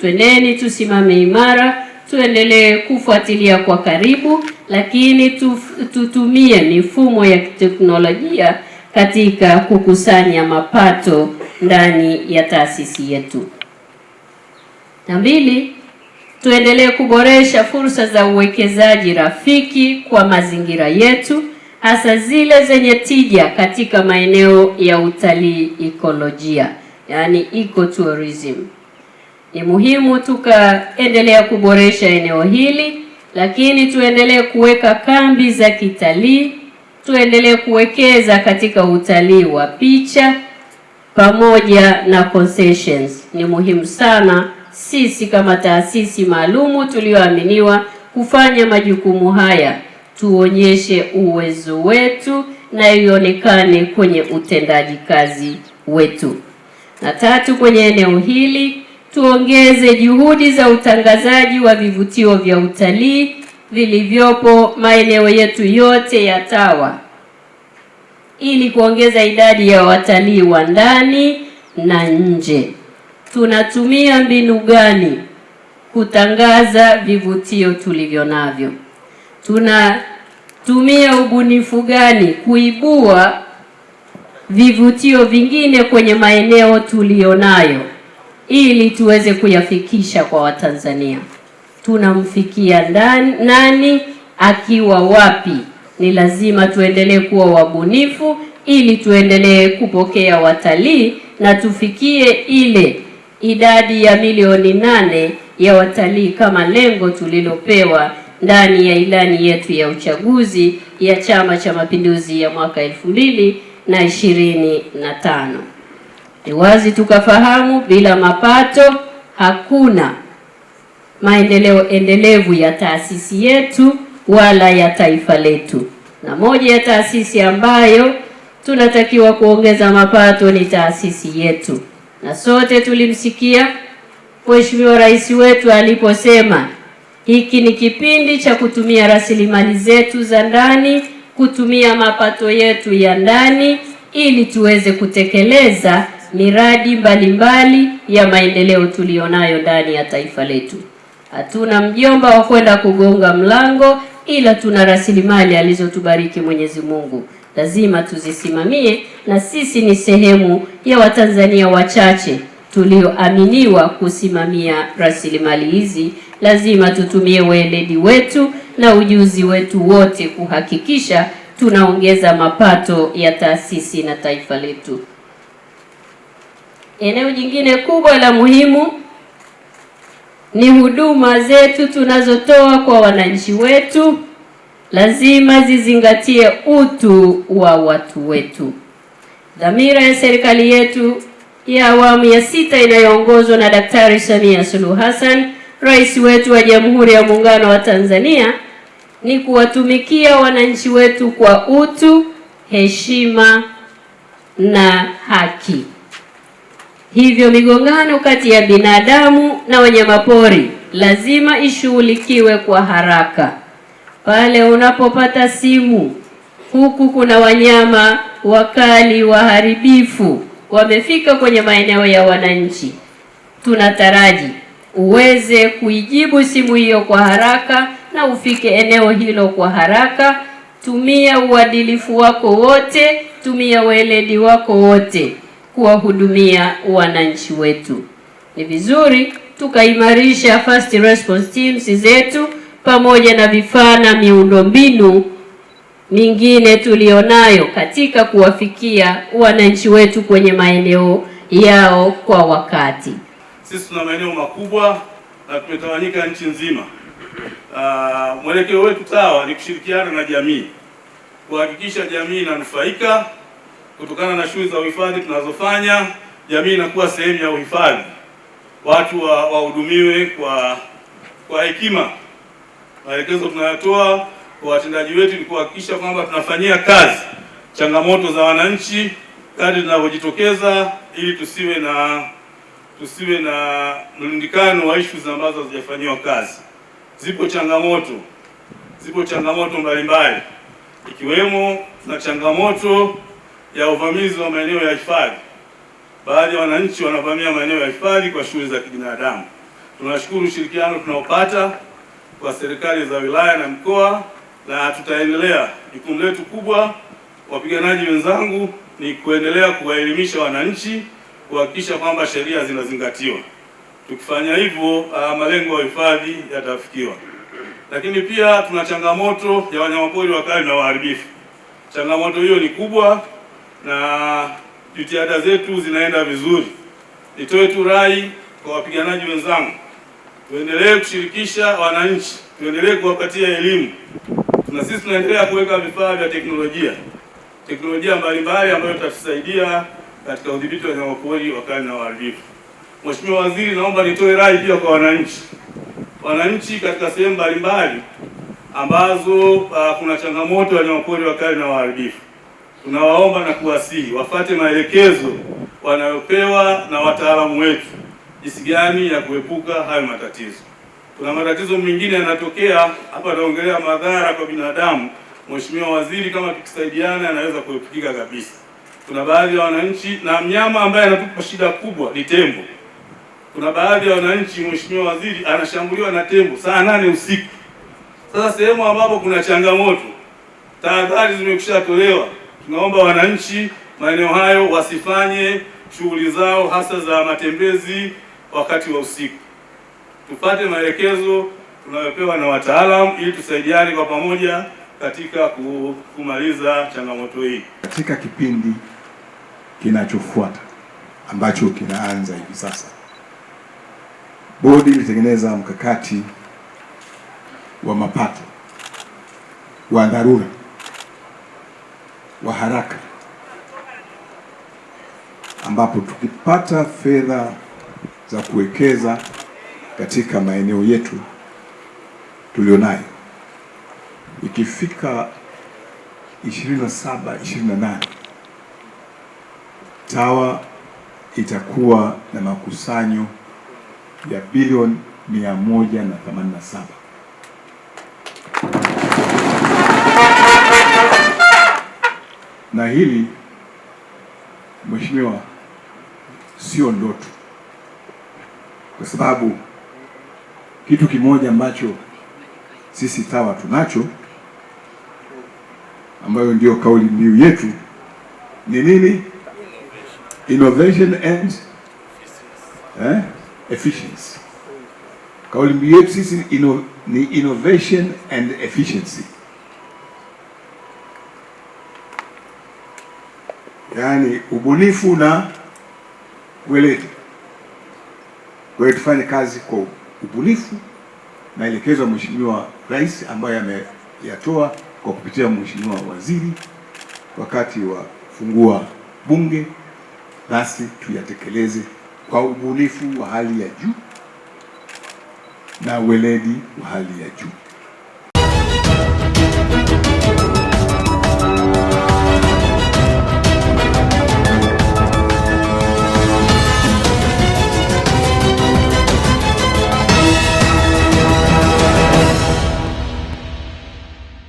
Twendeni tusimame imara, tuendelee kufuatilia kwa karibu, lakini tutumie mifumo ya kiteknolojia katika kukusanya mapato ndani ya taasisi yetu. Na mbili, tuendelee kuboresha fursa za uwekezaji rafiki kwa mazingira yetu hasa zile zenye tija katika maeneo ya utalii ekolojia, yani ecotourism. Ni muhimu tukaendelea kuboresha eneo hili, lakini tuendelee kuweka kambi za kitalii, tuendelee kuwekeza katika utalii wa picha pamoja na concessions. Ni muhimu sana sisi kama taasisi maalumu tulioaminiwa kufanya majukumu haya, tuonyeshe uwezo wetu na ionekane kwenye utendaji kazi wetu. Na tatu, kwenye eneo hili tuongeze juhudi za utangazaji wa vivutio vya utalii vilivyopo maeneo yetu yote ya Tawa ili kuongeza idadi ya watalii wa ndani na nje. Tunatumia mbinu gani kutangaza vivutio tulivyo navyo? Tunatumia ubunifu gani kuibua vivutio vingine kwenye maeneo tuliyonayo? ili tuweze kuyafikisha kwa Watanzania. Tunamfikia nani, akiwa wapi? Ni lazima tuendelee kuwa wabunifu ili tuendelee kupokea watalii na tufikie ile idadi ya milioni nane ya watalii kama lengo tulilopewa ndani ya ilani yetu ya uchaguzi ya Chama cha Mapinduzi ya mwaka elfu mbili na ishirini na tano. Ni wazi tukafahamu, bila mapato hakuna maendeleo endelevu ya taasisi yetu wala ya taifa letu. Na moja ya taasisi ambayo tunatakiwa kuongeza mapato ni taasisi yetu, na sote tulimsikia Mheshimiwa Rais wetu aliposema hiki ni kipindi cha kutumia rasilimali zetu za ndani, kutumia mapato yetu ya ndani ili tuweze kutekeleza miradi mbalimbali mbali ya maendeleo tuliyonayo ndani ya taifa letu. Hatuna mjomba wa kwenda kugonga mlango, ila tuna rasilimali alizotubariki Mwenyezi Mungu, lazima tuzisimamie, na sisi ni sehemu ya Watanzania wachache tulioaminiwa kusimamia rasilimali hizi. Lazima tutumie weledi wetu na ujuzi wetu wote kuhakikisha tunaongeza mapato ya taasisi na taifa letu. Eneo jingine kubwa la muhimu ni huduma zetu tunazotoa kwa wananchi wetu, lazima zizingatie utu wa watu wetu. Dhamira ya serikali yetu ya awamu ya sita inayoongozwa na Daktari Samia Suluhu Hassan, rais wetu wa Jamhuri ya Muungano wa Tanzania, ni kuwatumikia wananchi wetu kwa utu, heshima na haki. Hivyo migongano kati ya binadamu na wanyamapori lazima ishughulikiwe kwa haraka. Pale unapopata simu, huku kuna wanyama wakali waharibifu wamefika kwenye maeneo ya wananchi, tunataraji uweze kuijibu simu hiyo kwa haraka na ufike eneo hilo kwa haraka. Tumia uadilifu wako wote, tumia weledi wako wote kuwahudumia wananchi wetu. Ni vizuri tukaimarisha first response teams zetu pamoja na vifaa na miundombinu mingine tulionayo katika kuwafikia wananchi wetu kwenye maeneo yao kwa wakati. Sisi tuna maeneo makubwa na tumetawanyika nchi nzima. Uh, mwelekeo wetu sawa ni kushirikiana na jamii kuhakikisha jamii inanufaika kutokana na shughuli za uhifadhi tunazofanya, jamii inakuwa sehemu ya uhifadhi, watu wahudumiwe wa kwa kwa hekima. Maelekezo tunayotoa kwa watendaji wetu ni kuhakikisha kwamba tunafanyia kazi changamoto za wananchi kadri zinavyojitokeza, ili tusiwe na tusiwe na mlundikano wa ishu ambazo hazijafanyiwa kazi. Zipo changamoto, zipo changamoto mbalimbali, ikiwemo na changamoto ya uvamizi wa maeneo ya hifadhi. Baadhi ya wananchi wanavamia maeneo ya hifadhi kwa shughuli za kibinadamu. Tunashukuru ushirikiano tunaopata kwa serikali za wilaya na mkoa, na tutaendelea. Jukumu letu kubwa, wapiganaji wenzangu, ni kuendelea kuwaelimisha wananchi, kuhakikisha kwamba sheria zinazingatiwa. Tukifanya hivyo, ah, malengo ya hifadhi yatafikiwa. Lakini pia tuna changamoto ya wanyamapori wakali na waharibifu. Changamoto hiyo ni kubwa na jitihada zetu zinaenda vizuri. Nitoe tu rai kwa wapiganaji wenzangu, tuendelee kushirikisha wananchi, tuendelee kuwapatia elimu, na sisi tunaendelea kuweka vifaa vya teknolojia teknolojia mbalimbali ambayo itatusaidia katika udhibiti wa wanyamapori wakali na waharibifu. Mheshimiwa Waziri, naomba nitoe rai pia kwa wananchi, wananchi katika sehemu mbalimbali ambazo uh, kuna changamoto ya wanyamapori wakali na waharibifu tunawaomba na kuwasihi wafate maelekezo wanayopewa na wataalamu wetu jinsi gani ya kuepuka hayo matatizo. Kuna matatizo mengine yanatokea hapa, naongelea madhara kwa binadamu. Mheshimiwa Waziri, kama tukisaidiana, anaweza kuepukika kabisa. Kuna baadhi ya wananchi na mnyama ambaye anatupa shida kubwa ni tembo. Kuna baadhi ya wananchi, Mheshimiwa Waziri, anashambuliwa na tembo saa nane usiku. Sasa sehemu ambapo kuna changamoto, tahadhari zimekushatolewa. Tunaomba wananchi maeneo hayo wasifanye shughuli zao hasa za matembezi wakati wa usiku. Tupate maelekezo tunayopewa na wataalamu ili tusaidiane kwa pamoja katika kumaliza changamoto hii katika kipindi kinachofuata ambacho kinaanza hivi sasa. Bodi ilitengeneza mkakati wa mapato wa dharura wa haraka, ambapo tukipata fedha za kuwekeza katika maeneo yetu tulionayo, ikifika 27 28 TAWA itakuwa na makusanyo ya bilioni 187. na hili mheshimiwa, sio ndoto, kwa sababu kitu kimoja ambacho sisi TAWA tunacho ambayo ndio kauli mbiu yetu ni nini? Innovation and eh, efficiency. Kauli mbiu yetu sisi ino, ni innovation and efficiency. yaani ubunifu na weledi. Kwa hiyo tufanye kazi kwa ubunifu, maelekezo ya Mheshimiwa Rais ambaye ameyatoa kwa kupitia Mheshimiwa Waziri wakati wa kufungua Bunge, basi tuyatekeleze kwa ubunifu wa hali ya juu na weledi wa hali ya juu.